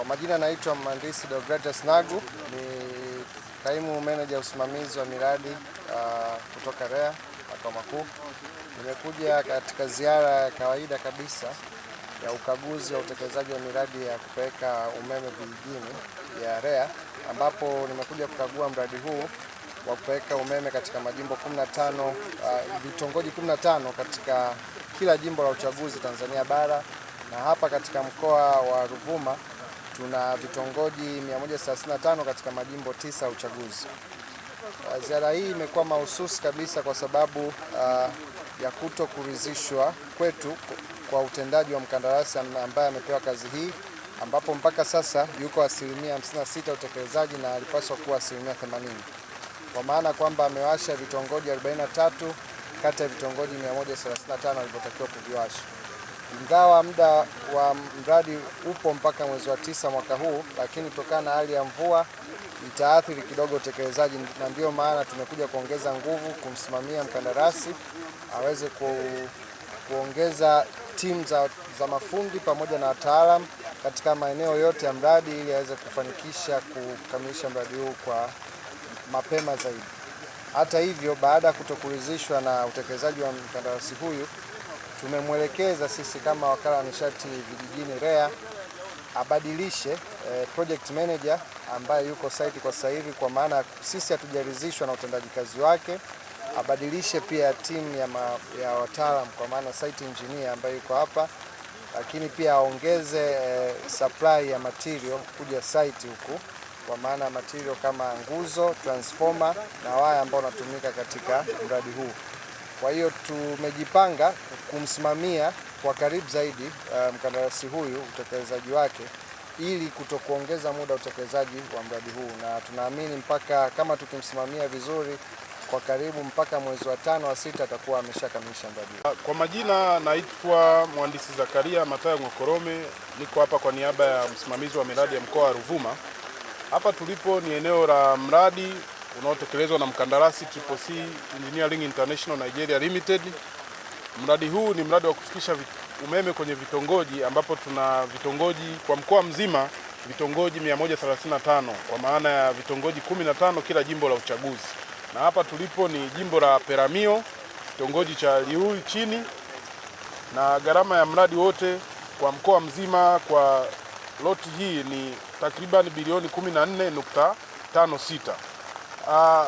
Kwa majina naitwa mhandisi Deogratus Nagu, ni kaimu meneja usimamizi wa miradi uh, kutoka REA makao makuu. Nimekuja katika ziara ya kawaida kabisa ya ukaguzi wa utekelezaji wa miradi ya kupeleka umeme vijijini ya REA, ambapo nimekuja kukagua mradi huu wa kupeleka umeme katika majimbo 15 uh, vitongoji 15 katika kila jimbo la uchaguzi Tanzania bara na hapa katika mkoa wa Ruvuma tuna vitongoji 135 katika majimbo tisa ya uchaguzi. Ah, ziara hii imekuwa mahususi kabisa kwa sababu uh, ya kuto kuridhishwa kwetu kwa utendaji wa mkandarasi ambaye amepewa kazi hii ambapo mpaka sasa yuko asilimia 56 utekelezaji na alipaswa kuwa asilimia 80, kwa maana kwamba amewasha vitongoji 43 kati ya vitongoji 135 alivyotakiwa kuviwasha ingawa muda wa mradi upo mpaka mwezi wa tisa mwaka huu, lakini kutokana na hali ya mvua itaathiri kidogo utekelezaji, na ndiyo maana tumekuja kuongeza nguvu kumsimamia mkandarasi aweze ku, kuongeza timu za, za mafundi pamoja na wataalamu katika maeneo yote ya mradi ili aweze kufanikisha kukamilisha mradi huu kwa mapema zaidi. Hata hivyo, baada ya kutokuridhishwa na utekelezaji wa mkandarasi huyu tumemwelekeza sisi kama wakala wa nishati vijijini REA abadilishe eh, project manager ambaye yuko site kwa sasa hivi, kwa maana sisi hatujaridhishwa na utendaji kazi wake, abadilishe pia timu ya, ya wataalam kwa maana site engineer ambaye yuko hapa, lakini pia aongeze eh, supply ya material kuja site huku, kwa maana material kama nguzo, transformer na waya ambao unatumika katika mradi huu. Kwa hiyo tumejipanga kumsimamia kwa karibu zaidi uh, mkandarasi huyu utekelezaji wake ili kutokuongeza muda utekelezaji wa mradi huu, na tunaamini mpaka kama tukimsimamia vizuri kwa karibu mpaka mwezi wa tano wa sita atakuwa ameshakamilisha mradi. Kwa majina naitwa mhandisi Zakaria matayo Ngokorome, niko hapa kwa niaba ya msimamizi wa miradi ya mkoa wa Ruvuma. Hapa tulipo ni eneo la mradi unaotekelezwa na mkandarasi Triple C Engineering International Nigeria Limited. Mradi huu ni mradi wa kufikisha umeme kwenye vitongoji ambapo tuna vitongoji kwa mkoa mzima vitongoji 135 kwa maana ya vitongoji 15 kila jimbo la uchaguzi, na hapa tulipo ni jimbo la Peramio kitongoji cha Liuli chini, na gharama ya mradi wote kwa mkoa mzima kwa loti hii ni takriban bilioni 14.56. Uh,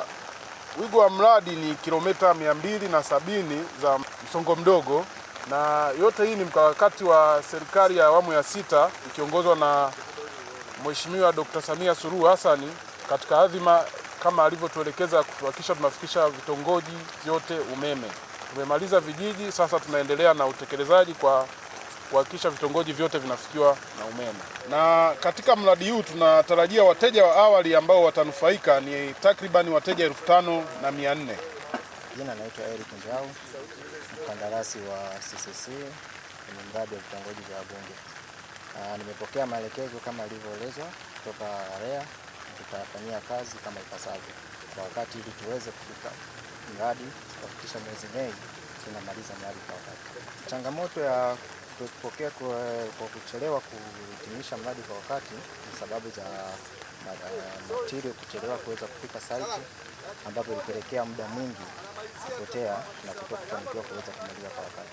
wigo wa mradi ni kilomita mia mbili na sabini za msongo mdogo, na yote hii ni mkakati wa serikali ya awamu ya sita ikiongozwa na Mheshimiwa Dr. Samia Suluhu Hassan katika adhima kama alivyotuelekeza kuhakikisha tunafikisha vitongoji vyote umeme. Tumemaliza vijiji, sasa tunaendelea na utekelezaji kwa kuhakikisha vitongoji vyote vinafikiwa na umeme. Na katika mradi huu tunatarajia wateja wa awali ambao watanufaika ni takribani wateja elfu tano na mia nne. Jina naitwa Eric Njau, mkandarasi wa CCC kwenye mradi wa vitongoji vya wabunge. Nimepokea maelekezo kama ilivyoelezwa kutoka REA, tutayafanyia kazi kama ipasavyo kwa wakati ili tuweze kufika mradi kuhakikisha mwezi Mei tunamaliza mradi kwa wakati. Changamoto ya kutokea kwa kuchelewa kuhitimisha mradi kwa wakati ni sababu za eh, matirio kuchelewa kuweza kufika site, ambapo ilipelekea muda mwingi kupotea na kutokufanikiwa kuweza kumaliza kwa wakati.